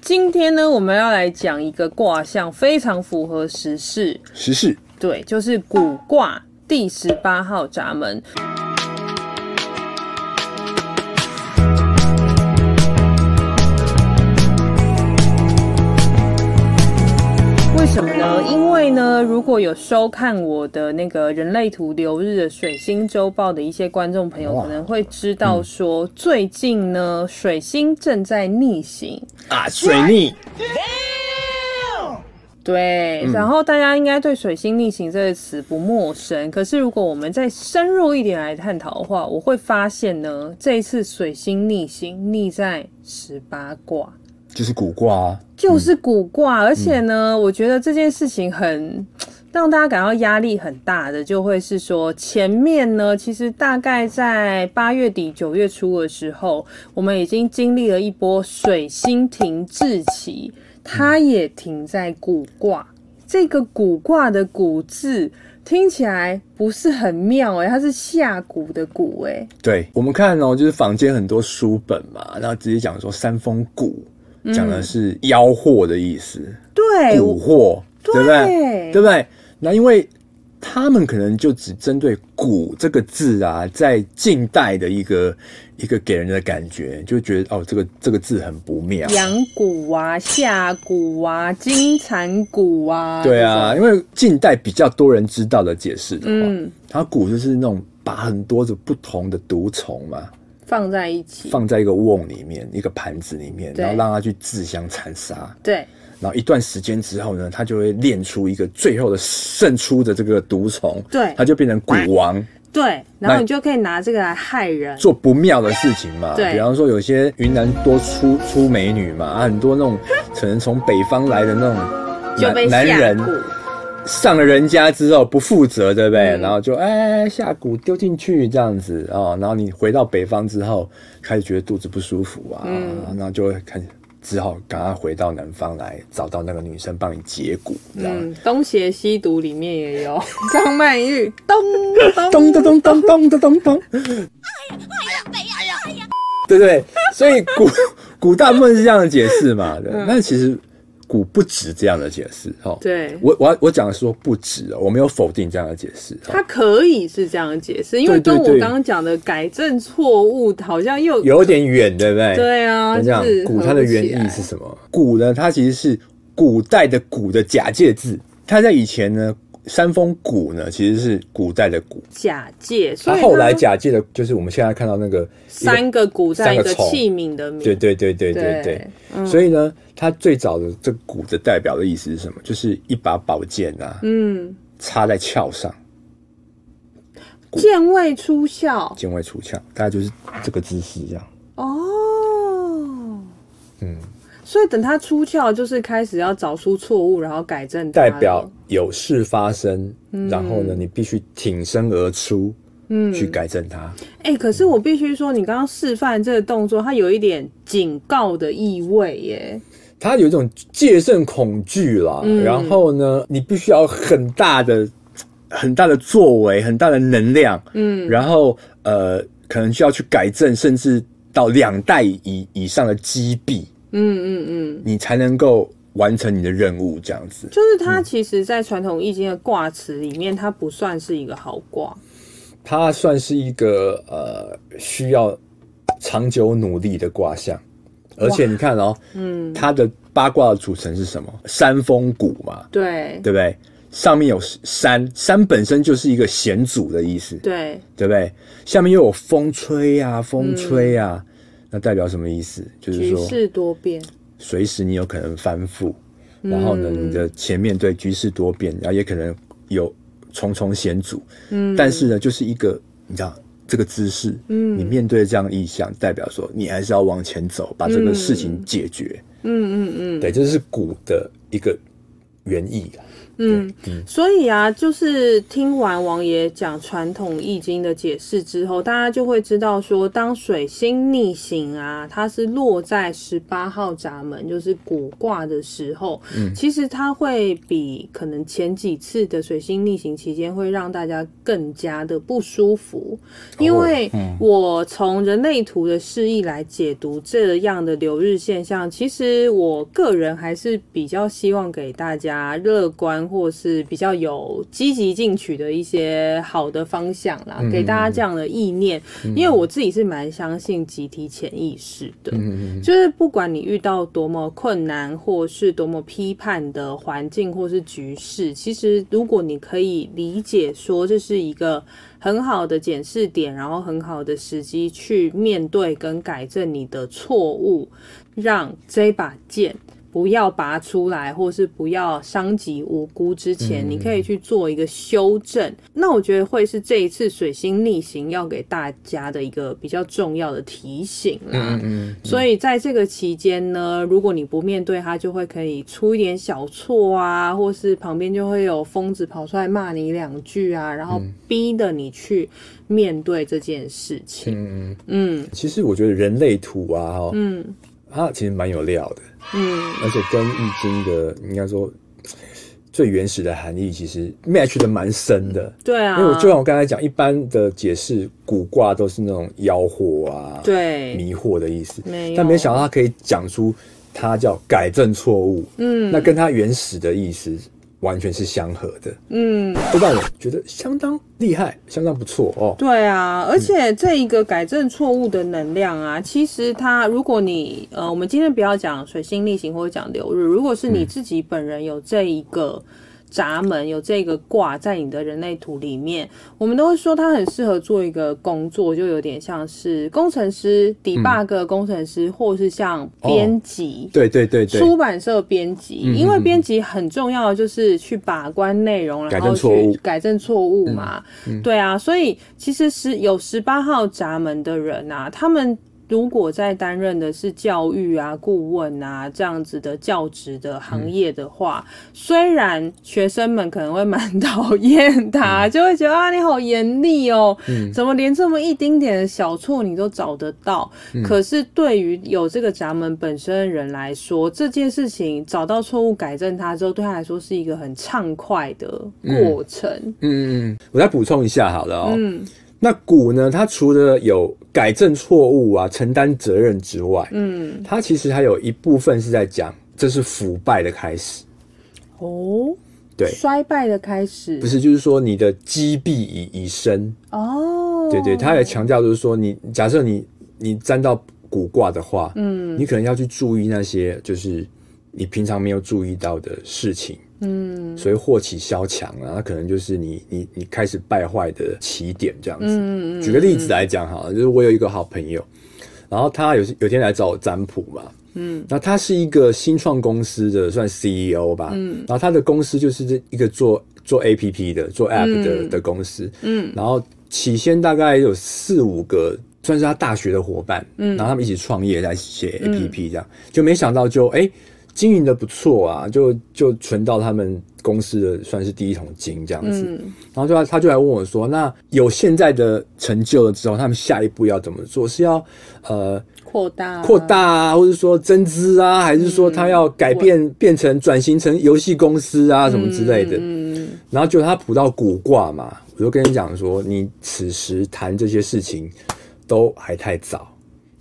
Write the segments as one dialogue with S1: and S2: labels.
S1: 今天呢，我們要來講一個卦象，非常符合時事。時事，對，就是蠱卦第十八號閘門。呢，如果有收看我的那個人類圖流日的水星周報的一些觀眾朋友，可能會知道說，最近呢，水星正在逆行
S2: 啊，水逆。
S1: 對，嗯、然後大家應該對“水星逆行”這個詞不陌生。可是如果我們再深入一點來探討的話，我會發現呢，這一次水星逆行逆在十八卦，
S2: 就是蠱卦、啊。
S1: 就是蠱卦，嗯、而且呢，嗯、我覺得這件事情很讓大家感到壓力很大的，就會是說前面呢，其實大概在八月底九月初的時候，我們已經經歷了一波水星停滯期，它也停在蠱卦。這個蠱卦的蠱字聽起來不是很妙哎、欸，它是下蠱的蠱哎、欸，
S2: 對，我們看哦、喔，就是坊間很多書本嘛，然後直接講說山風蠱。講的是妖惑的意思，嗯、對蠱惑，對不對？對，對不對？那因為他們可能就只針對蠱這個字啊，在近代的一個一個給人的感覺，就覺得哦，這個這個字很不妙。養
S1: 蠱啊，下蠱啊，金蠶蠱啊。對啊，對吧？
S2: 因為近代比較多人知道的解釋的話，它蠱、嗯、就是那種把很多的不同的毒蟲嘛。
S1: 放在一起，放
S2: 在一個甕裡面，一個盤子裡面，對然後讓他去自相殘殺。對，然後一段時間之後呢，他就會練出一個最後的勝出的這個毒蟲。對，他就變成蠱王。
S1: 對，然後你就可以拿這個來害人，
S2: 做不妙的事情嘛。對，比方說有些雲南多出出美女嘛，很多那種可能從北方來的那種
S1: 有，男人。
S2: 上了人家之後不負責，對不對？然後就哎哎哎，下蠱丟進去這樣子哦，然後你回到北方之後開始覺得肚子不舒服啊，然後就會開始只好趕快回到南方來找到那個女生幫你解蠱，
S1: 嗯，東邪西毒裡面也有張曼玉，咚咚咚咚咚咚咚咚咚，哎呀哎呀哎呀
S2: 哎呀，對對，所以蠱蠱大部分是這樣的解釋嘛，那其實。蠱不止這樣的解釋，哈。對，我我我講的說不止哦，我沒有否定這樣的解釋。它
S1: 可以是這樣的解釋，因為跟我剛剛講的改正錯誤好像又對對對有
S2: 點遠，對不對？對啊，這樣是蠱，它的原意是什麼？蠱呢，它其實是古代的“古”的假借字，它在以前呢。山風蠱呢，其實是古代的蠱
S1: 假借，所以後來假
S2: 借的，就是我們現在看到那個，個三個古代的器皿的
S1: 名。對對
S2: 對，對對對對對對。對所以呢，它、嗯、最早的這個“蠱的代表的意思是什麼？就是一把寶劍啊，嗯，插在鞘上，
S1: 劍未、嗯、古出鞘，
S2: 劍未出鞘，大概就是這個姿勢這樣。
S1: 哦，嗯，所以等它出鞘，就是開始要找出錯誤，然後改正。代表。
S2: 有事發生，然後呢，你必須挺身而出，嗯，去改正它。
S1: 哎、欸，可是我必須說，你剛剛示範這個動作，嗯、它有一點警告的意味，耶。
S2: 它有一種戒慎恐懼了，嗯、然後呢，你必須要很大的、很大的作為，很大的能量，嗯，然後呃，可能需要去改正，甚至到兩代以以上的積弊，嗯
S1: 嗯
S2: 嗯，你才能夠。完成你的任務，這樣子就
S1: 是它。其實，在傳統易經的卦辭裡面，嗯、它不算是一個好卦，
S2: 它算是一個呃需要長久努力的卦象。
S1: 而且你
S2: 看哦、喔，嗯，它的八卦的組成是什麼？山風蠱嘛，對對不對？上面有山，山本身就是一個險阻的意思，對對不對？下面又有風吹啊，風吹啊，嗯、那代表什麼意思？就是說局勢多變。隨時你有可能翻覆，然後呢，你的前面對局勢多變，然後也可能有重重險阻。嗯，但是呢，就是一個你知道這個姿勢，你面對這樣意象，代表說你還是要往前走，把這個事情解決。嗯嗯嗯，嗯嗯嗯對，這是蠱的一個原意。嗯，
S1: 所以啊，就是聽完王爺講傳統易經的解釋之後，大家就會知道說，當水星逆行啊，它是落在十八號閘門，就是古卦的時候，其實它會比可能前幾次的水星逆行期間會讓大家更加的不舒服，因為我從人類圖的示意來解讀這樣的流日現象，其實我個人還是比較希望給大家樂觀。或是比較有積極進取的一些好的方向啦，給大家這樣的意念。因為我自己是蠻相信集體潛意識的，嗯，就是不管你遇到多麼困難，或是多麼批判的環境，或是局勢，其實如果你可以理解說這是一個很好的檢視點，然後很好的時機去面對跟改正你的錯誤，讓這把劍。不要拔出來，或是不要傷及無辜之前，嗯嗯，你可以去做一個修正。那我覺得會是這一次水星逆行要給大家的一個比較重要的提醒啦嗯，嗯，嗯，所以在這個期間呢，如果你不面對它，就會可以出一點小錯啊，或是旁邊就會有瘋子跑出來罵你兩句啊，然後逼着你去面對這件事
S2: 情。嗯嗯，嗯，其實我覺得人類圖啊、哦，嗯。它其實蠻有料的，嗯，而且跟《易經》的應該說最原始的含義，其實 match 的蠻深的，對啊，因為我就像我剛才講，一般的解釋蠱卦都是那種妖惑啊，對，迷惑的意思，沒有但沒想到他可以講出它叫改正錯誤，嗯，那跟它原始的意思。完全是相合的，
S1: 嗯，都讓、哦、我
S2: 覺得相當厲害，相當不錯哦。
S1: 對啊，而且這一個改正錯誤的能量啊，嗯、其實它如果你呃，我們今天不要講水星逆行或者講流日，如果是你自己本人有這一個。嗯閘門有這個卦在你的人類圖裡面，我們都會說他很適合做一個工作，就有點像是工程師、debug 工程師，嗯、或是像編輯、
S2: 哦。對對對對，出
S1: 版社編輯，嗯、因為編輯很重要，就是去把關內容，嗯、然後去改正錯誤嘛。嗯嗯、對啊，所以其實是有十八號閘門的人啊，他們。如果在擔任的是教育啊、顧問啊這樣子的教職的行業的話，嗯、雖然學生們可能會蠻討厭他，嗯、就會覺得啊你好嚴厲哦，嗯、怎麼連這麼一丁點的小錯你都找得到？嗯、可是對於有這個閘門本身的人來說，嗯、這件事情找到錯誤改正他之後，對他來說是一個很暢快的過程。
S2: 嗯嗯，我再補充一下好了哦、喔。嗯那蠱呢？它除了有改正錯誤啊、承擔責任之外，嗯，它其實還有一部分是在講，這是腐敗的開始
S1: 哦，對，衰敗的開始不是，
S2: 就是說你的積弊已已深哦，對，對對，他也強調就是說你，假你假設你你占到蠱卦的話，嗯，你可能要去注意那些就是你平常沒有注意到的事情。嗯，所以禍起蕭牆啊，那可能就是你你你開始敗壞的起點這樣子。嗯嗯嗯、舉個例子來講，好了，就是我有一個好朋友，然後他有有天來找我占卜嘛，嗯，然後他是一個新創公司的算 CEO 吧，嗯，然後他的公司就是這一個做做 APP 的做 APP 的，嗯，的公司，嗯，然後起先大概有四五個算是他大學的夥伴，嗯，然後他們一起創業來寫 APP 這樣，嗯嗯，就沒想到就哎。欸經營的不錯啊，就就存到他們公司的算是第一桶金這樣子。嗯、然後就他他就來問我說：“那有現在的成就了之後，他們下一步要怎麼做？是要呃
S1: 擴大擴
S2: 大，擴大啊，或者說增資啊，還是說他要改變、嗯、變成轉型成遊戲公司啊什麼之類的？”嗯、然後就他卜到蠱卦嘛，我就跟你講說，你此時談這些事情都還太早，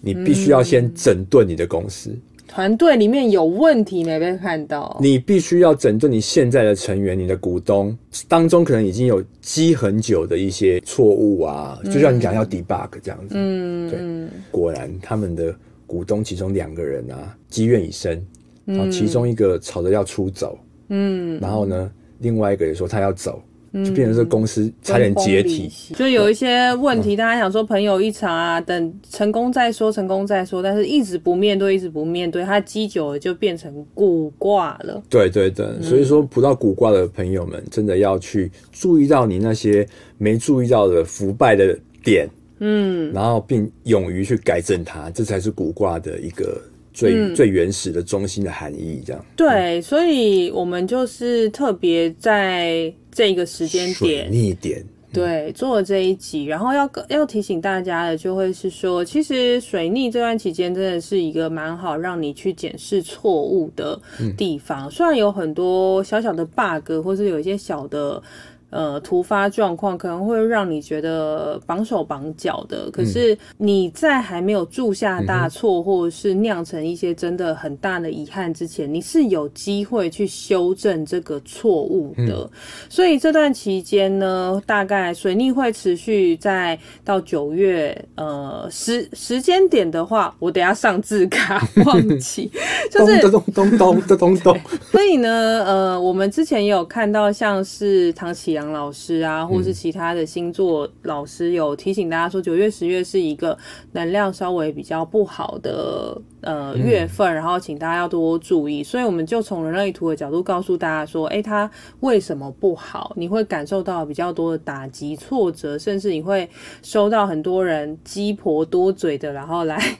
S2: 你必須要先整頓你的公司。嗯
S1: 團隊裡面有問題沒被看到，
S2: 你必須要整頓你現在的成員，你的股東當中可能已經有積很久的一些錯誤啊，嗯、就像你講要 debug 這樣子。嗯，對，果然他們的股東其中兩個人啊積怨已深，然後其中一個吵着要出走，嗯，然後呢，另外一個也說他要走。就變成這公司差點解體，
S1: 所以、嗯、有一些問題，大家對想說朋友一場啊，嗯、等成功再說，成功再說，但是一直不面對，一直不面對，它積久了就變成蠱卦了。
S2: 對對對，嗯、所以說卜到蠱卦的朋友們，真的要去注意到你那些沒注意到的腐敗的點，嗯，然後並勇於去改正它，這才是蠱卦的一個最、嗯、最原始的中心的含義。這樣
S1: 對，嗯、所以我們就是特別在。這個時間點，
S2: 水逆點，
S1: 對，做了這一集，嗯、然後要要提醒大家的，就會是說，其實水逆這段期間，真的是一個蠻好讓你去檢視錯誤的地方，嗯、雖然有很多小小的 bug，或是有一些小的。呃，突發狀況可能會讓你覺得綁手綁腳的，可是你在還沒有鑄下大錯，或者是釀成一些真的很大的遺憾之前，你是有機會去修正這個錯誤的。所以這段期間呢，大概水逆會持續在到九月，呃，時，時間點的話，我等下上字卡忘記，就是咚
S2: 咚咚咚咚咚。
S1: 所以呢，呃，我們之前也有看到像是唐綺陽。老師啊，或是其他的星座、嗯、老師有提醒大家說，九月、十月是一個能量稍微比較不好的呃、嗯、月份，然後請大家要多注意。所以我們就從人類圖的角度告訴大家說，誒、欸，他為什麼不好？你會感受到比較多的打擊、挫折，甚至你會收到很多人雞婆多嘴的，然後來。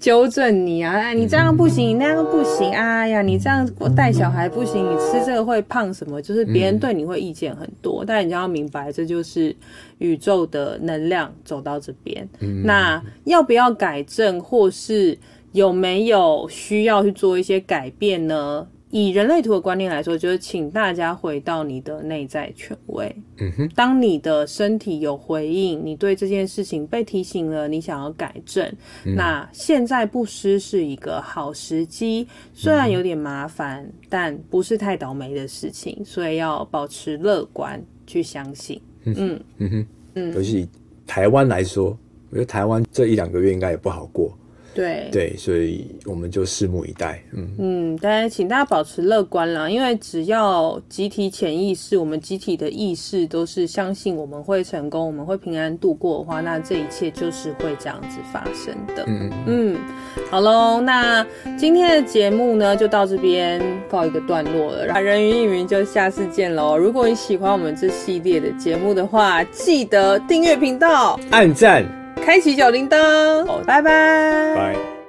S1: 糾 正你啊，哎！你這樣不行，你那樣不行。哎、啊、呀，你這樣帶小孩不行，你吃這個會胖什麼？就是別人對你會意見很多，嗯，但你就要明白，這就是宇宙的能量走到這邊。嗯，那要不要改正，或是有沒有需要去做一些改變呢？以人類圖的觀念來說，就是請大家回到你的內在權威。
S2: 嗯、
S1: 哼當你的身體有回應，你對這件事情被提醒了，你想要改正，嗯、那現在不失是一個好時機。雖然有點麻煩，嗯、但不是太倒霉的事情，所以要保持樂觀，去相信。嗯，
S2: 嗯哼，嗯哼，嗯，尤其以台灣來說，我覺得台灣這一兩個月應該也不好過。對對，所以我們就拭目以待。嗯
S1: 嗯，大家請大家保持樂觀啦，因為只要集體潛意識，我們集體的意識都是相信我們會成功，我們會平安度過的話，那這一切就是會這樣子發生的。嗯嗯，嗯，嗯，好嘍，那今天的節目呢就到這邊告一個段落了。然後人云易云就下次見嘍。如果你喜歡我們這系列的節目的話，記得訂閱頻道、
S2: 按讚。
S1: 開啟小鈴鐺，好，拜拜。拜拜。拜
S2: 拜。